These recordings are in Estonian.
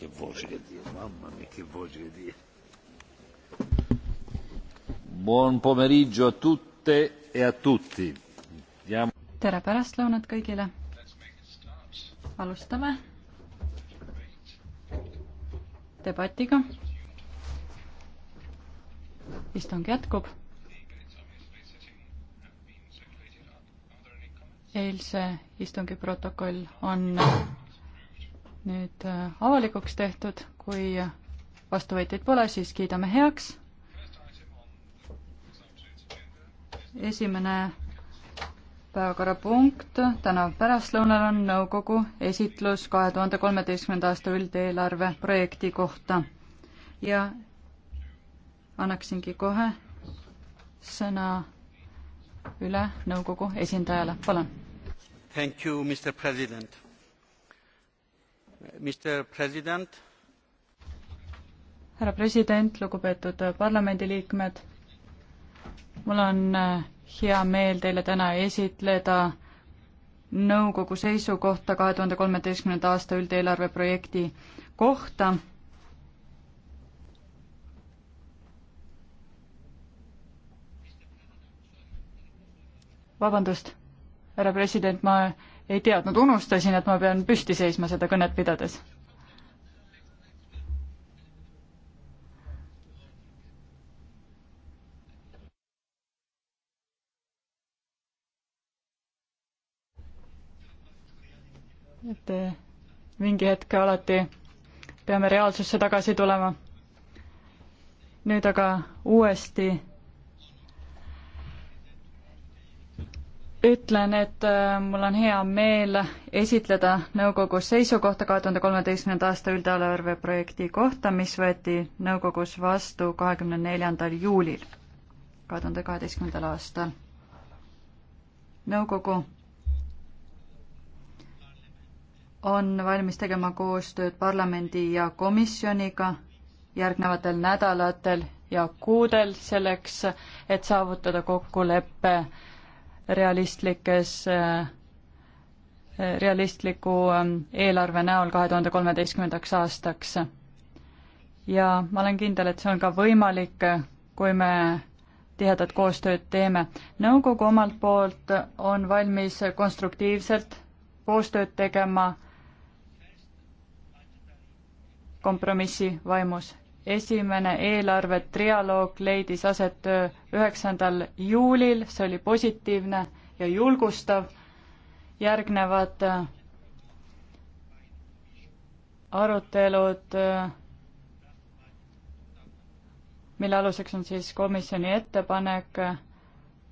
Che voce che Dio, mamma mia, che voce che Dio. Buon pomeriggio a tutte e a tutti. Diamo... tere pärastlõunat kõigile. alustame debatiga. istung jätkub eilse istungi protokoll on nüüd äh, avalikuks tehtud, kui vastuvõtjaid pole, siis kiidame heaks. esimene päevakorrapunkt täna pärastlõunal on nõukogu esitlus kahe tuhande kolmeteistkümnenda aasta üldeelarve projekti kohta ja annaksingi kohe sõna üle nõukogu esindajale, palun. Thank you, Mr President härra president, lugupeetud parlamendiliikmed, mul on äh, hea meel teile täna esitleda nõukogu seisukohta kahe tuhande kolmeteistkümnenda aasta üldeelarve projekti kohta vabandust, härra president, ma ei teadnud, unustasin, et ma pean püsti seisma seda kõnet pidades. et eh, mingi hetk alati peame reaalsusse tagasi tulema. nüüd aga uuesti ütlen, et äh, mul on hea meel esitleda nõukogus seisukohta kahe tuhande kolmeteistkümnenda aasta üldeelarve projekti kohta, mis võeti nõukogus vastu kahekümne neljandal juulil kahe tuhande kaheteistkümnendal aastal. nõukogu on valmis tegema koostööd parlamendi ja komisjoniga järgnevatel nädalatel ja kuudel selleks, et saavutada kokkulepe realistlikes, eh, realistliku eh, eelarve näol kahe tuhande kolmeteistkümnendaks aastaks. ja ma olen kindel, et see on ka võimalik, kui me tihedat koostööd teeme. nõukogu omalt poolt on valmis konstruktiivselt koostööd tegema kompromissi vaimus esimene eelarvetrialoog leidis aset äh, üheksandal juulil, see oli positiivne ja julgustav. järgnevad äh, arutelud, äh, mille aluseks on siis komisjoni ettepanek,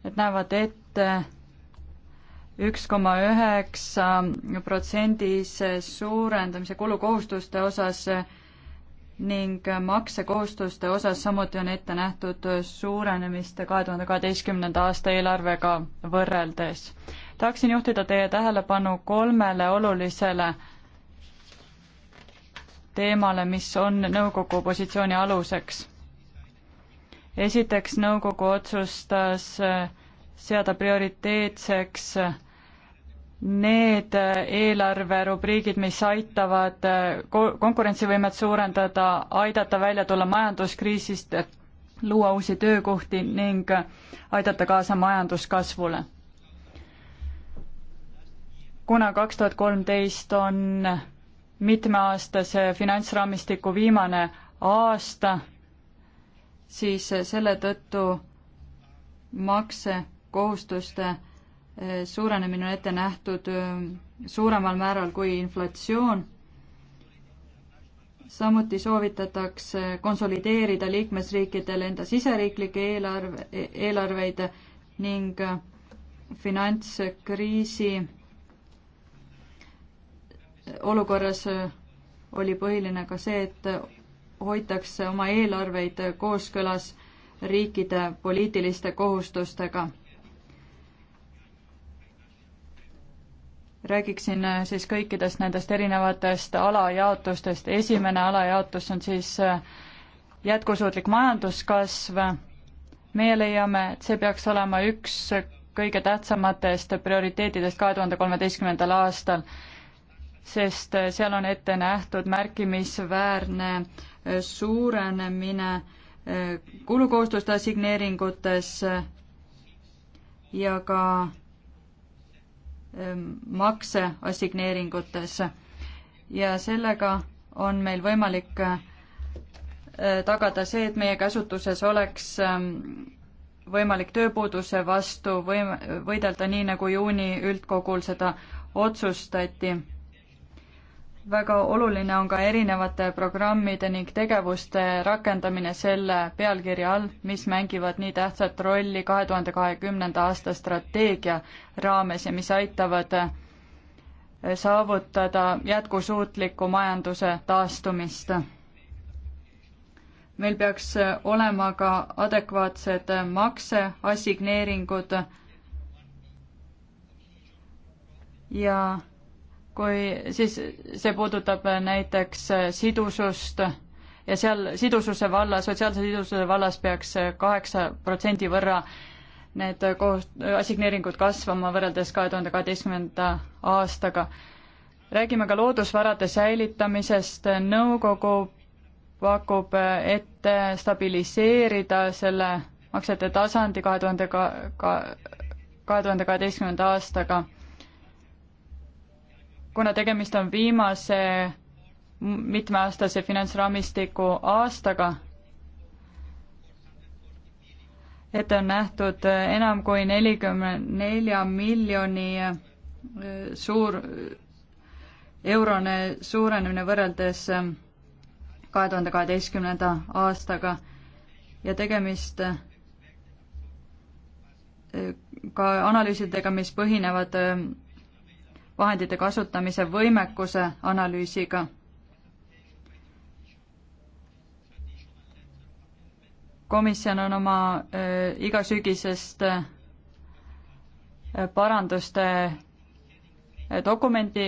et näevad ette üks koma üheksa protsendise suurendamise kulukohustuste osas ning maksekohustuste osas samuti on ette nähtud suurenemist kahe tuhande kaheteistkümnenda aasta eelarvega võrreldes. tahaksin juhtida teie tähelepanu kolmele olulisele teemale, mis on nõukogu positsiooni aluseks. esiteks, nõukogu otsustas seada prioriteetseks need eelarverubriigid, mis aitavad äh, konkurentsivõimet suurendada, aidata välja tulla majanduskriisist, luua uusi töökohti ning aidata kaasa majanduskasvule. kuna kaks tuhat kolmteist on mitmeaastase finantsraamistiku viimane aasta, siis selle tõttu maksekohustuste suurenemine on ette nähtud äh, suuremal määral kui inflatsioon. samuti soovitatakse konsolideerida liikmesriikidel enda siseriiklikke eelarve, eelarveid ning äh, finantskriisi olukorras äh, oli põhiline ka see, et hoitakse oma eelarveid kooskõlas riikide poliitiliste kohustustega räägiksin äh, siis kõikidest nendest erinevatest alajaotustest. esimene alajaotus on siis äh, jätkusuutlik majanduskasv. meie leiame, et see peaks olema üks kõige tähtsamatest prioriteetidest kahe tuhande kolmeteistkümnendal aastal, sest äh, seal on ette nähtud märkimisväärne suurenemine kulukohustuste assigneeringutes ja ka Ähm, makse assigneeringutes ja sellega on meil võimalik äh, tagada see, et meie käsutuses oleks ähm, võimalik tööpuuduse vastu võim-, võidelda nii, nagu juuni üldkogul seda otsustati väga oluline on ka erinevate programmide ning tegevuste rakendamine selle pealkirja all, mis mängivad nii tähtsat rolli kahe tuhande kahekümnenda aasta strateegia raames ja mis aitavad eh, saavutada jätkusuutliku majanduse taastumist. meil peaks eh, olema ka adekvaatsed eh, makseassigneeringud ja kui siis see puudutab näiteks sidusust ja seal sidususe valla, sotsiaalse sidususe vallas peaks kaheksa protsendi võrra need koos, assigneeringud kasvama võrreldes kahe tuhande kaheteistkümnenda aastaga. räägime ka loodusvarade säilitamisest, nõukogu pakub ette stabiliseerida selle maksete tasandi kahe tuhande ka-, ka-, kahe tuhande kaheteistkümnenda aastaga kuna tegemist on viimase mitmeaastase finantsraamistiku aastaga, ette on nähtud enam kui nelikümne nelja miljoni äh, suur, eurone suurenemine võrreldes äh, kahe tuhande kaheteistkümnenda aastaga ja tegemist äh, ka analüüsidega, mis põhinevad vahendite kasutamise võimekuse analüüsiga. komisjon on oma äh, igasügisest äh, paranduste äh, dokumendi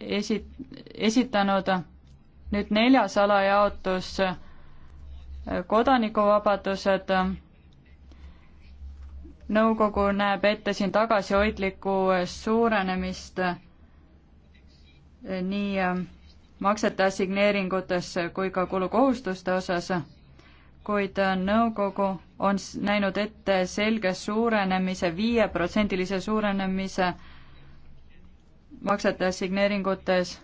esi-, esitanud. nüüd neljas alajaotus äh,, kodanikuvabadused äh, nõukogu näeb ette siin tagasihoidlikku suurenemist nii äh, maksete assigneeringutes kui ka kulukohustuste osas, kuid äh, nõukogu on näinud ette selge suurenemise, viieprotsendilise suurenemise maksete assigneeringutes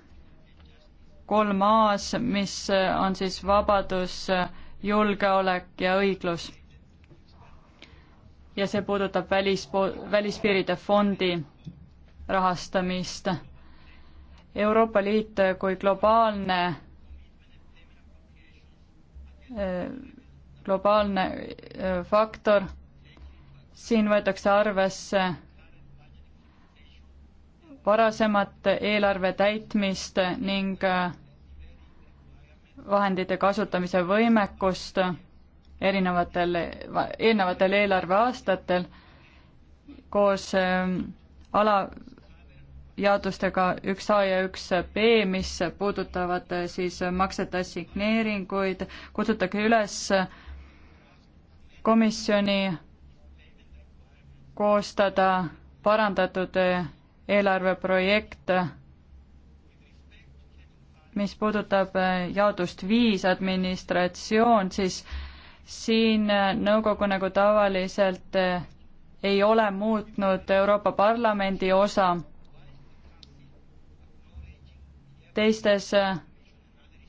kolm A-s, mis äh, on siis vabadus, julgeolek ja õiglus ja see puudutab välispo-, välispiiride fondi rahastamist. Euroopa Liit kui globaalne, globaalne äh, faktor, siin võetakse arvesse varasemat eelarve täitmist ning äh, vahendite kasutamise võimekust erinevatel eelnevatel eelarveaastatel koos ähm, alajaotustega üks A ja üks B, mis puudutavad äh, siis maksete assigneeringuid, kutsutage üles komisjoni koostada parandatud äh, eelarveprojekt, mis puudutab äh, jaotust viis administratsioon, siis äh, siin äh, nõukogu nagu tavaliselt äh, ei ole muutnud Euroopa Parlamendi osa. teistes äh,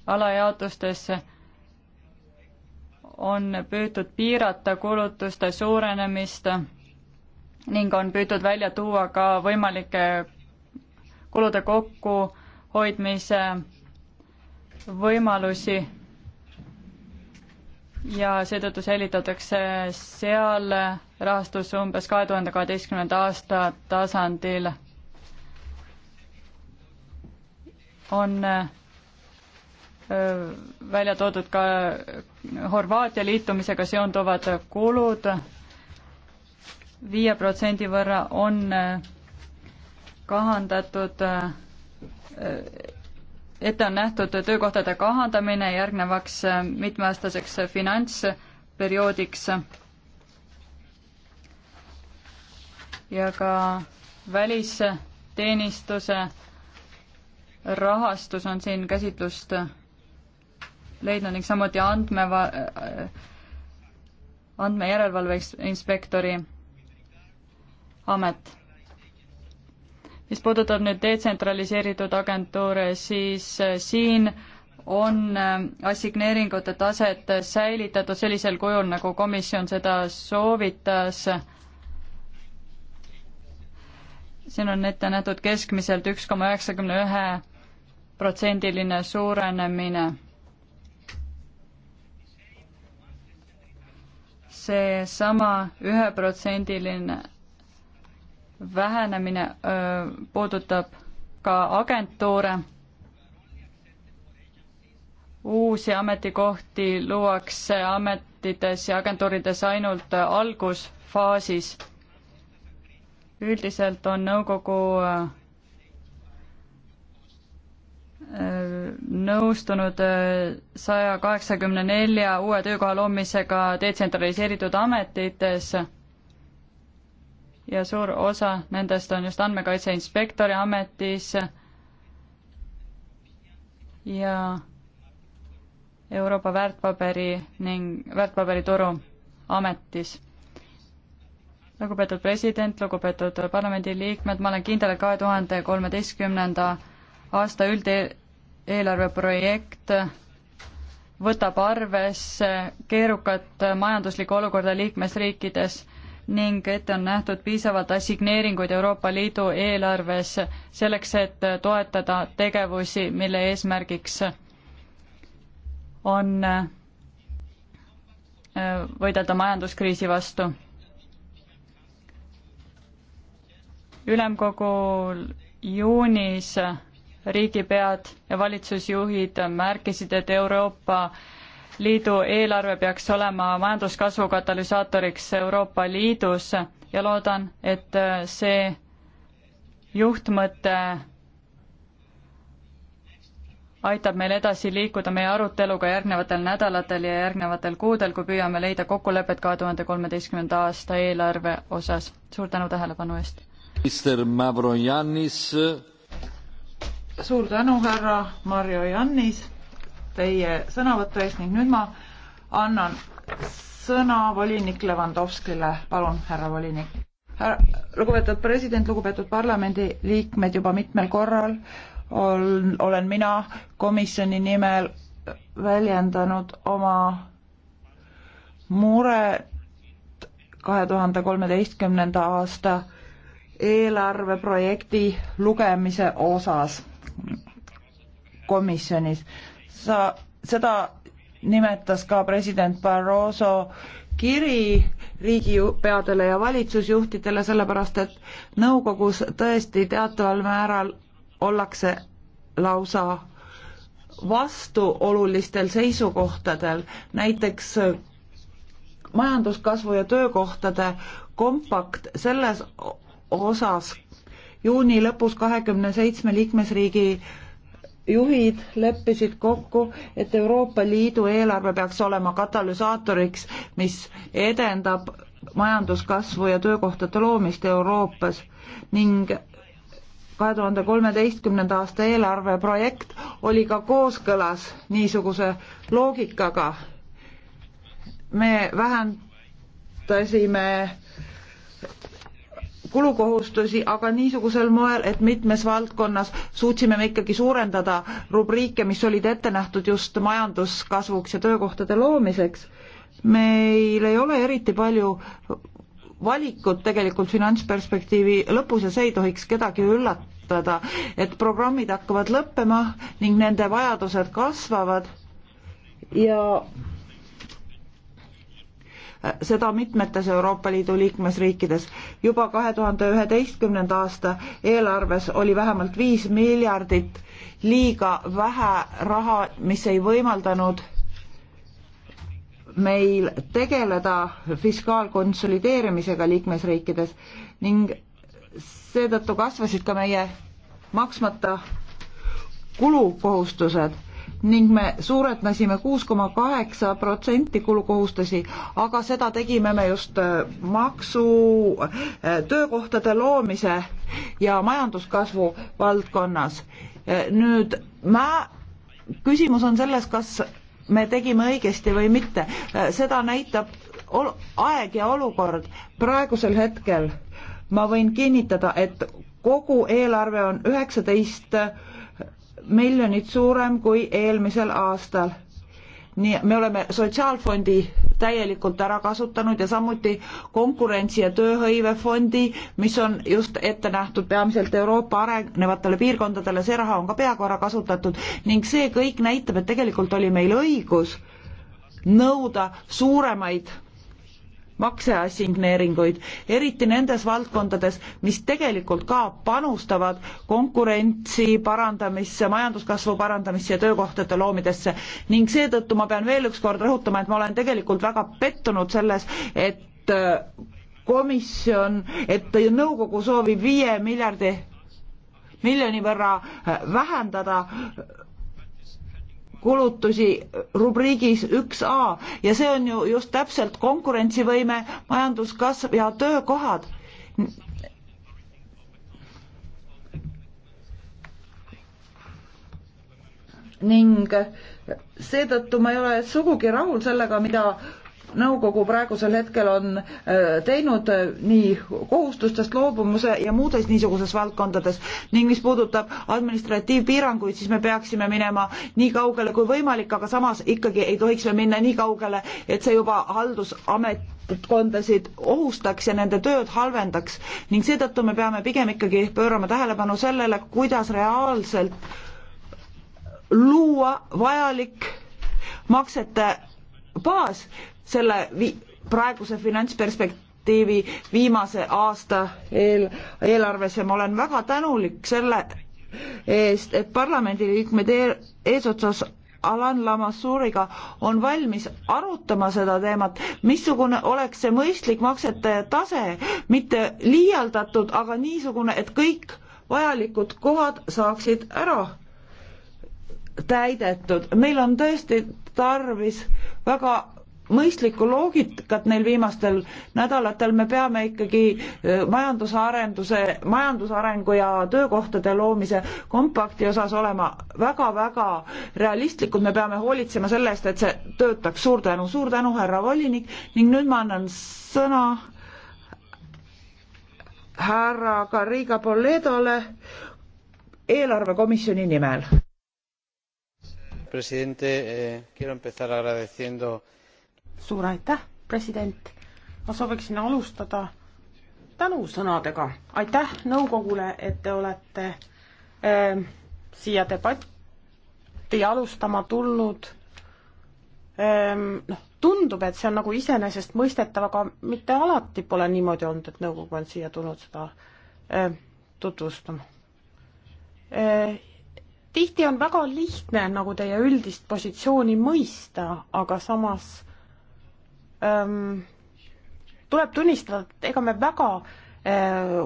alajaotustes on püütud piirata kulutuste suurenemist ning on püütud välja tuua ka võimalike kulude kokkuhoidmise võimalusi ja seetõttu säilitatakse seal rahastus umbes kahe tuhande kaheteistkümnenda aasta tasandil. on välja toodud ka Horvaatia liitumisega seonduvad kulud viie protsendi võrra on kahandatud ette on nähtud töökohtade kahandamine järgnevaks äh, mitmeaastaseks äh, finantsperioodiks ja ka välisteenistuse rahastus on siin käsitlust äh, leidnud ning samuti andmeva-, andmejärelevalve inspektori amet mis puudutab nüüd detsentraliseeritud agentuure, siis äh, siin on äh, assigneeringute taset säilitatud sellisel kujul, nagu komisjon seda soovitas. siin on ette nähtud keskmiselt üks koma üheksakümne ühe protsendiline suurenemine. seesama üheprotsendiline vähenemine öö, puudutab ka agentuure. uusi ametikohti luuakse ametites ja agentuurides ainult algusfaasis. üldiselt on nõukogu nõustunud saja kaheksakümne nelja uue töökoha loomisega detsentraliseeritud ametites ja suur osa nendest on just andmekaitse inspektori ametis ja Euroopa väärtpaberi ning väärtpaberituru ametis. lugupeetud president, lugupeetud parlamendiliikmed, ma olen kindel, et kahe tuhande kolmeteistkümnenda aasta üldeelarve projekt võtab arvesse keerukat majanduslikku olukorda liikmesriikides ning ette on nähtud piisavalt assigneeringuid Euroopa Liidu eelarves selleks, et toetada tegevusi, mille eesmärgiks on äh, võidelda majanduskriisi vastu. ülemkogul juunis riigipead ja valitsusjuhid märkisid, et Euroopa Liidu eelarve peaks olema majanduskasvu katalüsaatoriks Euroopa Liidus ja loodan, et äh, see juhtmõte aitab meil edasi liikuda meie aruteluga järgnevatel nädalatel ja järgnevatel kuudel, kui püüame leida kokkulepet kahe tuhande kolmeteistkümnenda aasta eelarve osas. suur tänu tähelepanu eest! minister Mavrojannis. suur tänu, härra Marjo Jannis teie sõnavõtu eest ning nüüd ma annan sõna volinik Levandovskile. palun, härra volinik. lugupeetud president, lugupeetud parlamendiliikmed, juba mitmel korral on, olen mina komisjoni nimel väljendanud oma muret kahe tuhande kolmeteistkümnenda aasta eelarveprojekti lugemise osas komisjonis sa, seda nimetas ka president Barroso kiri riigipeadele ja valitsusjuhtidele, sellepärast et nõukogus tõesti teataval määral ollakse lausa vastuolulistel seisukohtadel, näiteks majanduskasvu ja töökohtade kompakt selles osas juuni lõpus kahekümne seitsme liikmesriigi juhid leppisid kokku, et Euroopa Liidu eelarve peaks olema katalüsaatoriks, mis edendab majanduskasvu ja töökohtade loomist Euroopas ning kahe tuhande kolmeteistkümnenda aasta eelarve projekt oli ka kooskõlas niisuguse loogikaga. me vähendasime kulukohustusi, aga niisugusel moel, et mitmes valdkonnas suutsime me ikkagi suurendada rubriike, mis olid ette nähtud just majanduskasvuks ja töökohtade loomiseks. meil ei ole eriti palju valikut tegelikult finantsperspektiivi lõpus ja see ei tohiks kedagi üllatada, et programmid hakkavad lõppema ning nende vajadused kasvavad ja seda mitmetes Euroopa Liidu liikmesriikides. juba kahe tuhande üheteistkümnenda aasta eelarves oli vähemalt viis miljardit liiga vähe raha, mis ei võimaldanud meil tegeleda fiskaalkonsolideerimisega liikmesriikides ning seetõttu kasvasid ka meie maksmata kulukohustused ning me suuretasime kuus koma kaheksa protsenti kulukohustusi, aga seda tegime me just äh, maksu, äh, töökohtade loomise ja majanduskasvu valdkonnas. Äh, nüüd mä-, küsimus on selles, kas me tegime õigesti või mitte, seda näitab ol-, aeg ja olukord. praegusel hetkel ma võin kinnitada, et kogu eelarve on üheksateist 19 miljonit suurem kui eelmisel aastal. nii, me oleme Sotsiaalfondi täielikult ära kasutanud ja samuti konkurentsi- ja tööhõivefondi, mis on just ette nähtud peamiselt Euroopa arenevatele piirkondadele, see raha on ka peaaegu ära kasutatud ning see kõik näitab, et tegelikult oli meil õigus nõuda suuremaid makseassigneeringuid, eriti nendes valdkondades, mis tegelikult ka panustavad konkurentsi parandamisse, majanduskasvu parandamisse ja töökohtade loomidesse. ning seetõttu ma pean veel ükskord rõhutama, et ma olen tegelikult väga pettunud selles, et äh, komisjon, et nõukogu soovib viie miljardi miljoni võrra äh, vähendada kulutusi rubriigis üks A ja see on ju just täpselt konkurentsivõime, majanduskasv ja töökohad. ning seetõttu ma ei ole sugugi rahul sellega, mida nõukogu praegusel hetkel on äh, teinud äh, nii kohustustest loobumuse ja muudes niisuguses valdkondades ning mis puudutab administratiivpiiranguid, siis me peaksime minema nii kaugele kui võimalik, aga samas ikkagi ei tohiks me minna nii kaugele, et see juba haldusametkondasid ohustaks ja nende tööd halvendaks ning seetõttu me peame pigem ikkagi pöörama tähelepanu sellele, kuidas reaalselt luua vajalik maksete baas, selle vi praeguse finantsperspektiivi viimase aasta eel eelarves ja ma olen väga tänulik selle eest, et parlamendiliikmed eesotsas Alan Lamassuriga on valmis arutama seda teemat, missugune oleks see mõistlik maksete tase, mitte liialdatud, aga niisugune, et kõik vajalikud kohad saaksid ära täidetud. meil on tõesti tarvis väga mõistlikku loogikat neil viimastel nädalatel, me peame ikkagi e, majandusarenduse, majandusarengu ja töökohtade loomise kompakti osas olema väga-väga realistlikud, me peame hoolitsema selle eest, et see töötaks, suur tänu, suur tänu, härra volinik, ning nüüd ma annan sõna härra Garriga Polledole eelarvekomisjoni nimel. presidente eh, quiero empezar agradeciendo suur aitäh, president. ma sooviksin alustada tänusõnadega. aitäh nõukogule, et te olete äh, siia debatti alustama tulnud ähm,. noh, tundub, et see on nagu iseenesestmõistetav, aga mitte alati pole niimoodi olnud, et nõukogu on siia tulnud seda äh, tutvustama äh,. tihti on väga lihtne nagu teie üldist positsiooni mõista, aga samas ähm, tuleb tunnistada, et ega me väga äh,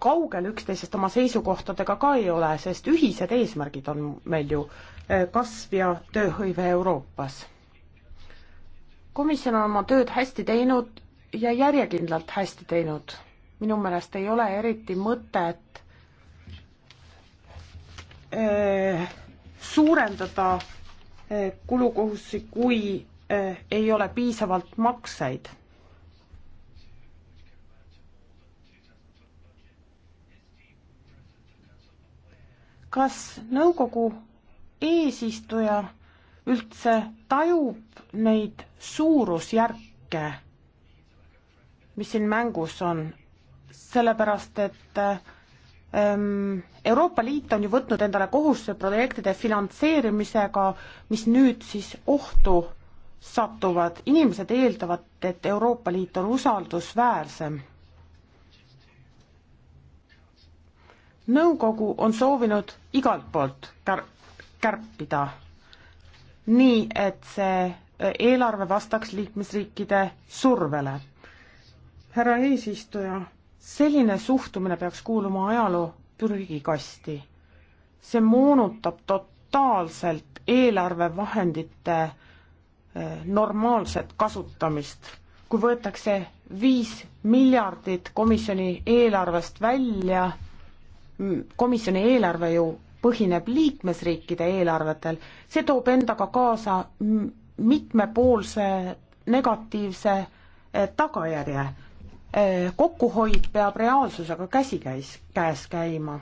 kaugel üksteisest oma seisukohtadega ka ei ole, sest ühised eesmärgid on meil ju äh, kasv ja tööhõive Euroopas. komisjon on oma tööd hästi teinud ja järjekindlalt hästi teinud. minu meelest ei ole eriti mõtet äh, suurendada kulukohustusi, kui Äh, ei ole piisavalt makseid kas nõukogu eesistuja üldse tajub neid suurusjärke, mis siin mängus on, sellepärast et ähm, Euroopa Liit on ju võtnud endale kohustuse projektide finantseerimisega, mis nüüd siis ohtu satuvad, inimesed eeldavad, et Euroopa Liit on usaldusväärsem. nõukogu on soovinud igalt poolt kär-, kärpida, nii et see äh, eelarve vastaks liikmesriikide survele. härra eesistuja, selline suhtumine peaks kuuluma ajaloo prügikasti. see moonutab totaalselt eelarvevahendite normaalset kasutamist. kui võetakse viis miljardit komisjoni eelarvest välja, komisjoni eelarve ju põhineb liikmesriikide eelarvetel, see toob endaga kaasa mitmepoolse negatiivse eh, tagajärje. Eh, kokkuhoid peab reaalsusega käsikäis, käes käima.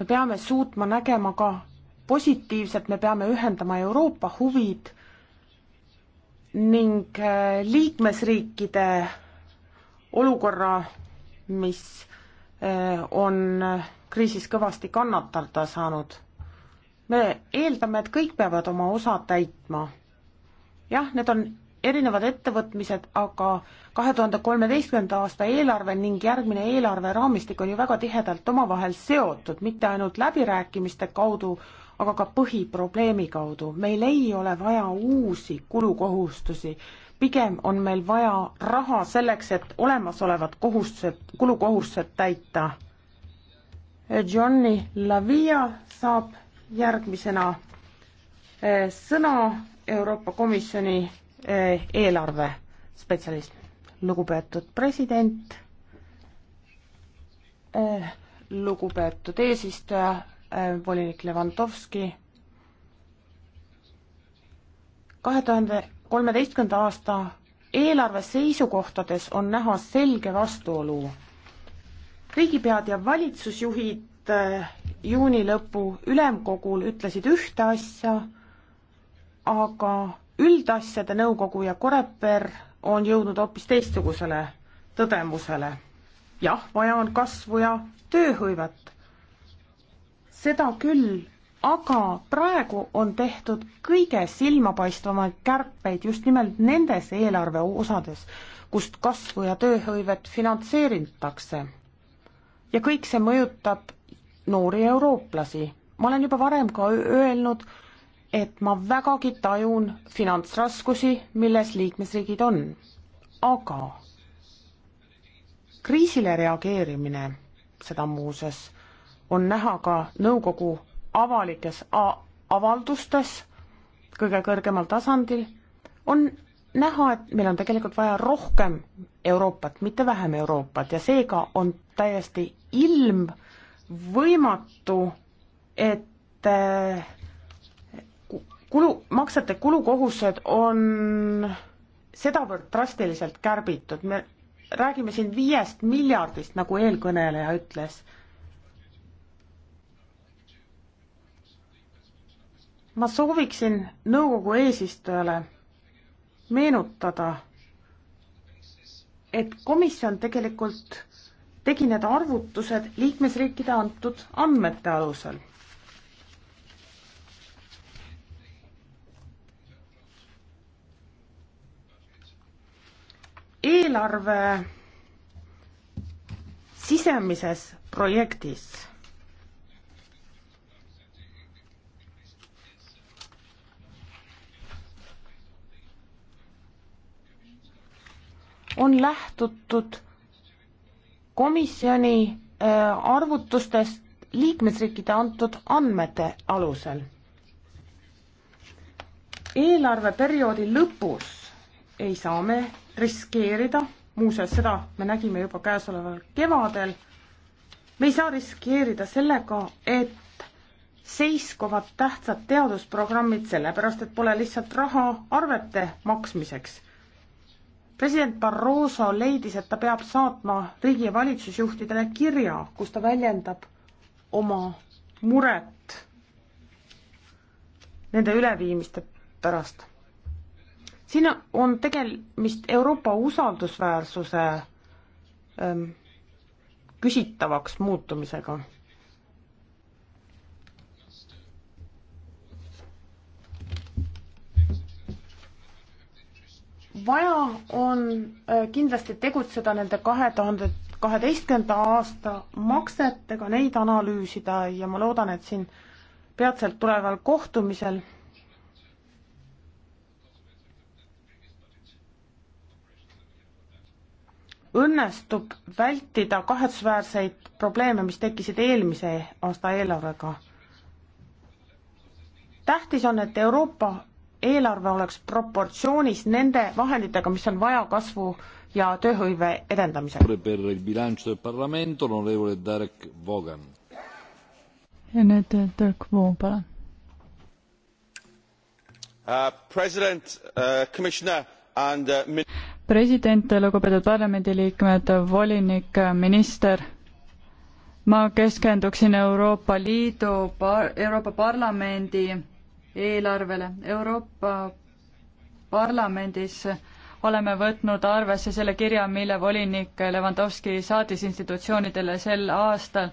me peame suutma nägema ka positiivset, me peame ühendama Euroopa huvid ning äh, liikmesriikide olukorra, mis äh, on äh, kriisis kõvasti kannatada saanud. me eeldame, et kõik peavad oma osa täitma. jah, need on erinevad ettevõtmised, aga kahe tuhande kolmeteistkümnenda aasta eelarve ning järgmine eelarveraamistik on ju väga tihedalt omavahel seotud, mitte ainult läbirääkimiste kaudu, aga ka põhiprobleemi kaudu. meil ei ole vaja uusi kulukohustusi, pigem on meil vaja raha selleks, et olemasolevad kohustused, kulukohustused täita. Johnny Lavia saab järgmisena eh, sõna Euroopa Komisjoni eh, eelarvespetsialist. lugupeetud president, eh, lugupeetud eesistuja, Äh, volinik Levantovski. kahe tuhande kolmeteistkümnenda aasta eelarve seisukohtades on näha selge vastuolu. riigipead ja valitsusjuhid äh, juuni lõpu ülemkogul ütlesid ühte asja, aga üldasjade nõukogu ja Koreper on jõudnud hoopis teistsugusele tõdemusele. jah, vaja on kasvu ja tööhõivet, seda küll, aga praegu on tehtud kõige silmapaistvamaid kärpeid just nimelt nendes eelarve osades, kust kasvu ja tööhõivet finantseeritakse. ja kõik see mõjutab noori eurooplasi. ma olen juba varem ka öelnud, et ma vägagi tajun finantsraskusi, milles liikmesriigid on. aga kriisile reageerimine, seda muuseas on näha ka nõukogu avalikes avaldustes kõige kõrgemal tasandil, on näha, et meil on tegelikult vaja rohkem Euroopat, mitte vähem Euroopat ja seega on täiesti ilmvõimatu, et eh, kulu, maksete kulukohustused on sedavõrd drastiliselt kärbitud, me räägime siin viiest miljardist, nagu eelkõneleja ütles ma sooviksin nõukogu eesistujale meenutada, et komisjon tegelikult tegi need arvutused liikmesriikide antud andmete alusel. eelarve sisemises projektis on lähtutud komisjoni äh, arvutustest liikmesriikide antud andmete alusel. eelarveperioodi lõpus ei saa me riskeerida, muuseas, seda me nägime juba käesoleval kevadel, me ei saa riskeerida sellega, et seiskuvad tähtsad teadusprogrammid, sellepärast et pole lihtsalt raha arvete maksmiseks president Barroso leidis, et ta peab saatma riigi ja valitsusjuhtidele kirja, kus ta väljendab oma muret nende üleviimiste pärast. siin on tegemist Euroopa usaldusväärsuse ähm, küsitavaks muutumisega vaja on äh, kindlasti tegutseda nende kahe tuhande kaheteistkümnenda aasta maksetega, neid analüüsida ja ma loodan, et siin peatselt tuleval kohtumisel õnnestub vältida kahetsusväärseid probleeme, mis tekkisid eelmise aasta eelarvega. tähtis on, et Euroopa eelarve oleks proportsioonis nende vahenditega, mis on vaja kasvu ja tööhõive edendamiseks. ja nüüd eh, Dirk Voog, palun. Uh, president uh,, commissioner and uh, president, lugupeetud parlamendiliikmed, volinik, eh, minister, ma keskenduksin Euroopa Liidu, Euroopa Parlamendi eelarvele. Euroopa Parlamendis oleme võtnud arvesse selle kirja, mille volinik Levanovski saatis institutsioonidele sel aastal,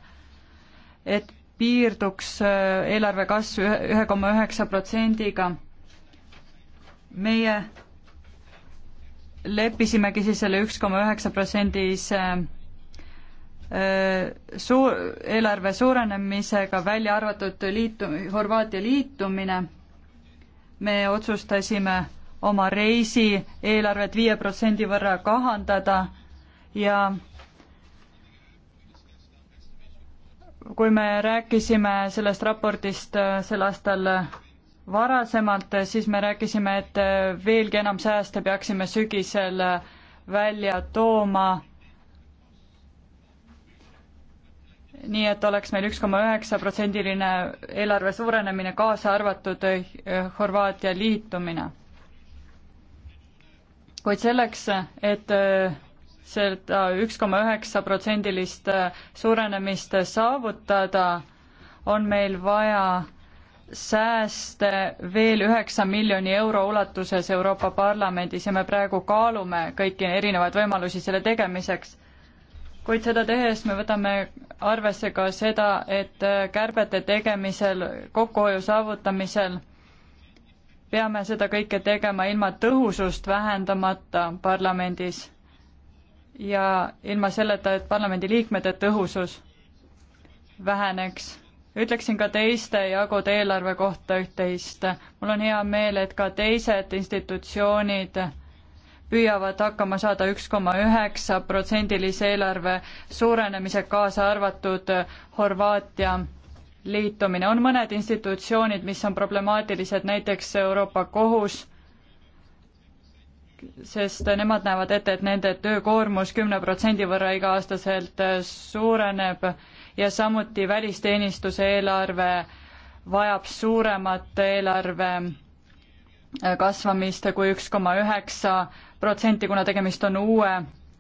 et piirduks äh, eelarve kasv ühe koma üheksa protsendiga. meie leppisimegi siis selle üks koma üheksa protsendise Äh, suur, eelarve suurenemisega, välja arvatud liitu, Horvaatia liitumine, me otsustasime oma reisi eelarvet viie protsendi võrra kahandada ja kui me rääkisime sellest raportist äh, sel aastal varasemalt, siis me rääkisime, et äh, veelgi enam sääste peaksime sügisel välja tooma nii et oleks meil üks koma üheksa protsendiline eelarve suurenemine, kaasa arvatud eh, Horvaatia liitumine. kuid selleks, et eh, seda üks koma üheksa protsendilist eh, suurenemist saavutada, on meil vaja sääste veel üheksa miljoni euro ulatuses Euroopa Parlamendis ja me praegu kaalume kõiki erinevaid võimalusi selle tegemiseks. kuid seda tehes me võtame arvesse ka seda, et äh, kärbete tegemisel, kokkuhoiu saavutamisel peame seda kõike tegema ilma tõhusust vähendamata parlamendis ja ilma selleta, et parlamendiliikmete tõhusus väheneks. ütleksin ka teiste jagude eelarve kohta üht-teist. mul on hea meel, et ka teised institutsioonid püüavad hakkama saada üks koma üheksa protsendilise eelarve suurenemise, kaasa arvatud Horvaatia liitumine. on mõned institutsioonid, mis on problemaatilised, näiteks Euroopa Kohus, sest nemad näevad ette, et nende töökoormus kümne protsendi võrra iga-aastaselt suureneb ja samuti välisteenistuse eelarve vajab suuremat eelarve kasvamist kui üks koma üheksa protsenti, kuna tegemist on uue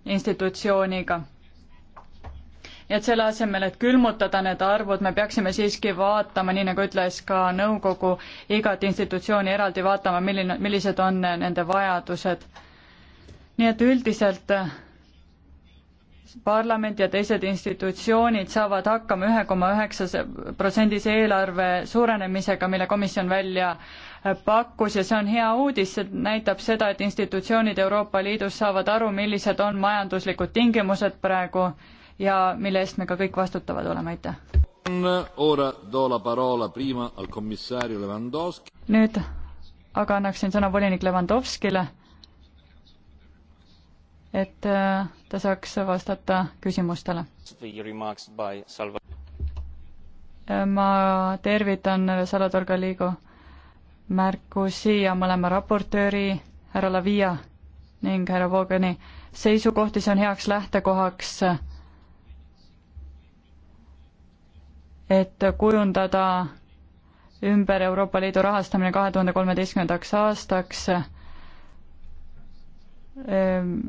institutsiooniga. nii et selle asemel, et külmutada need arvud, me peaksime siiski vaatama, nii nagu ütles ka nõukogu, igat institutsiooni eraldi vaatama, milline, millised on nende vajadused. nii et üldiselt eh, parlament ja teised institutsioonid saavad hakkama ühe koma üheksase protsendise eelarve suurenemisega, mille komisjon välja pakkus ja see on hea uudis, see näitab seda, et institutsioonid Euroopa Liidus saavad aru, millised on majanduslikud tingimused praegu ja mille eest me ka kõik vastutavad oleme, aitäh. nüüd aga annaksin sõna volinik Levandovskile, et äh, ta saaks vastata küsimustele. Äh, ma tervitan Salvador Galigo märkusi ja mõlema raportööri härra Lavia ning härra Vogani seisukohti, see on heaks lähtekohaks, et kujundada ümber Euroopa Liidu rahastamine kahe tuhande kolmeteistkümnendaks aastaks. Ehm,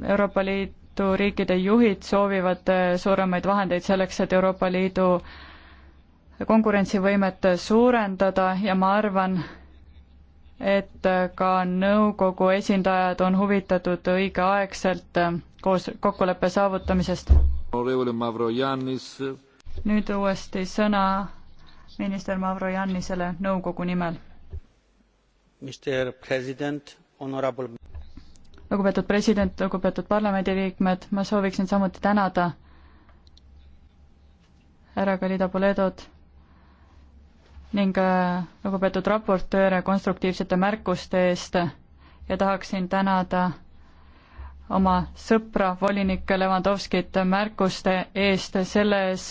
Euroopa Liidu riikide juhid soovivad eh, suuremaid vahendeid selleks, et Euroopa Liidu konkurentsivõimet suurendada ja ma arvan, et ka nõukogu esindajad on huvitatud õigeaegselt äh, koos kokkuleppe saavutamisest. nüüd uuesti sõna minister Mavrojannisele nõukogu nimel. Honorable... lugupeetud president, lugupeetud parlamendiliikmed, ma sooviksin samuti tänada härra Galida Poledot ning äh, lugupeetud raportööre konstruktiivsete märkuste eest ja tahaksin tänada oma sõpra, volinik Levandovskit märkuste eest selles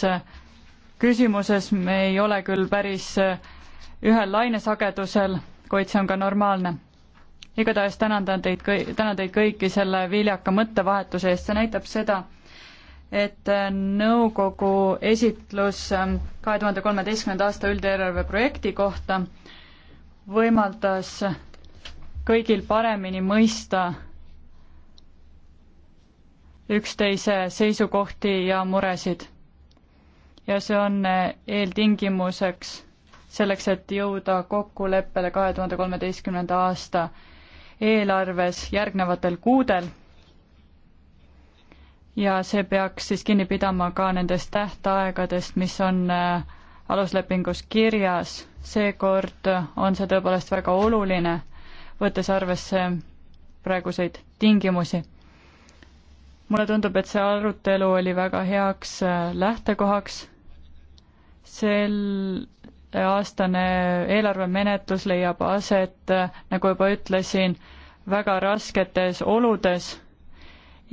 küsimuses, me ei ole küll päris äh, ühel lainesagedusel, kuid see on ka normaalne. igatahes tänan teid, tänan teid kõiki selle viljaka mõttevahetuse eest, see näitab seda, et nõukogu esitlus kahe tuhande kolmeteistkümnenda aasta üldeelarve projekti kohta võimaldas kõigil paremini mõista üksteise seisukohti ja muresid. ja see on eeltingimuseks selleks, et jõuda kokkuleppele kahe tuhande kolmeteistkümnenda aasta eelarves järgnevatel kuudel ja see peaks siis kinni pidama ka nendest tähtaegadest, mis on äh, aluslepingus kirjas. seekord on see tõepoolest väga oluline, võttes arvesse praeguseid tingimusi. mulle tundub, et see arutelu oli väga heaks äh, lähtekohaks. sel aastane eelarvemenetlus leiab aset, äh, nagu juba ütlesin, väga rasketes oludes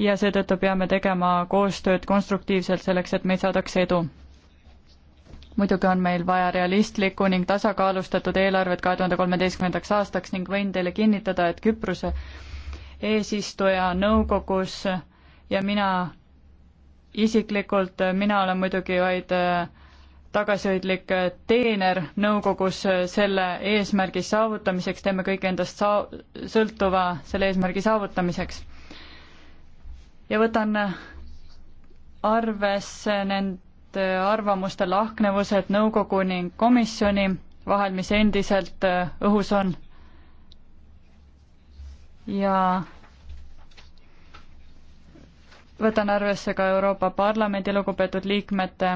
ja seetõttu peame tegema koostööd konstruktiivselt selleks, et meid saadaks edu. muidugi on meil vaja realistlikku ning tasakaalustatud eelarvet kahe tuhande kolmeteistkümnendaks aastaks ning võin teile kinnitada, et Küprose eesistuja nõukogus ja mina isiklikult, mina olen muidugi vaid äh, tagasihoidlik äh, teener nõukogus äh, selle eesmärgi saavutamiseks, teeme kõik endast saa-, sõltuva selle eesmärgi saavutamiseks ja võtan arvesse nende arvamuste lahknevused nõukogu ning komisjoni vahel, mis endiselt õhus on. ja võtan arvesse ka Euroopa Parlamendi lugupeetud liikmete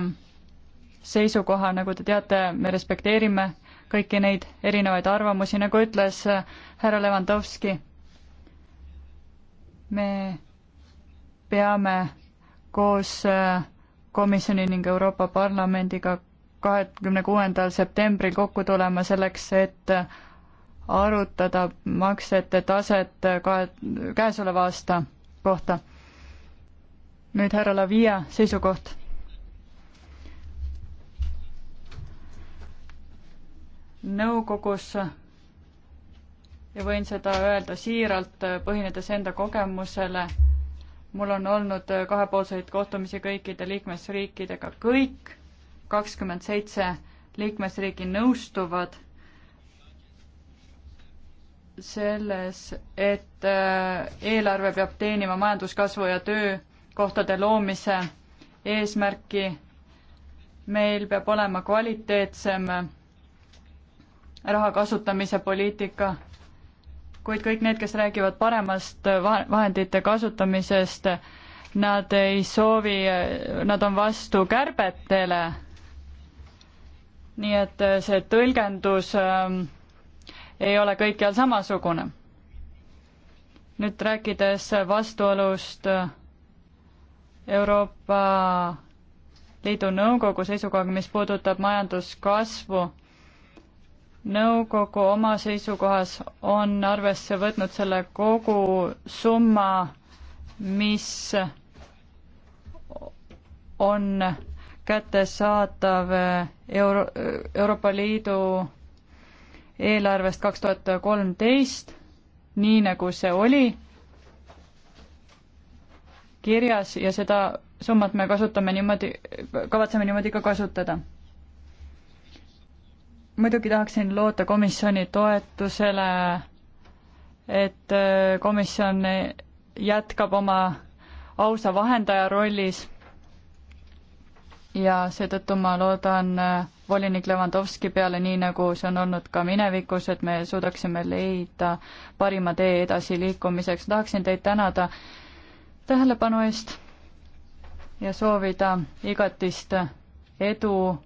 seisukoha, nagu te teate, me respekteerime kõiki neid erinevaid arvamusi, nagu ütles härra Levanovski. me peame koos äh, komisjoni ning Euroopa Parlamendiga kahekümne kuuendal septembril kokku tulema selleks, et arutada maksete taset kahe, käesoleva aasta kohta. nüüd härra Lavia seisukoht. nõukogus ja võin seda öelda siiralt, põhinedes enda kogemusele mul on olnud äh, kahepoolseid kohtumisi kõikide liikmesriikidega, kõik kakskümmend seitse liikmesriiki nõustuvad selles, et äh, eelarve peab teenima majanduskasvu ja töökohtade loomise eesmärki. meil peab olema kvaliteetsem raha kasutamise poliitika kuid kõik need, kes räägivad paremast vahendite kasutamisest, nad ei soovi, nad on vastu kärbetele. nii et äh, see tõlgendus ähm, ei ole kõikjal samasugune. nüüd rääkides vastuolust äh, Euroopa Liidu Nõukogu seisukohaga, mis puudutab majanduskasvu nõukogu oma seisukohas on arvesse võtnud selle kogu summa, mis on kättesaadav Euro-, Euroopa Liidu eelarvest kaks tuhat kolmteist, nii nagu see oli kirjas ja seda summat me kasutame niimoodi, kavatseme niimoodi ka kasutada muidugi tahaksin loota komisjoni toetusele, et äh, komisjon jätkab oma ausa vahendaja rollis ja seetõttu ma loodan äh, volinik Levandovski peale, nii nagu see on olnud ka minevikus, et me suudaksime leida parima tee edasiliikumiseks. tahaksin teid tänada tähelepanu eest ja soovida igatist edu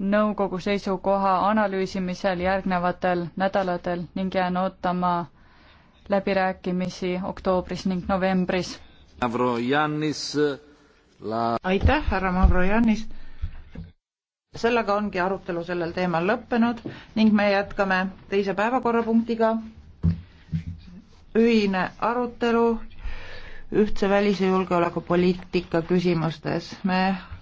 nõukogu seisukoha analüüsimisel järgnevatel nädalatel ning jään ootama läbirääkimisi oktoobris ning novembris. La... aitäh, härra Mavrojannis. sellega ongi arutelu sellel teemal lõppenud ning me jätkame teise päevakorrapunktiga. ühine arutelu ühtse välis- ja julgeolekupoliitika küsimustes. me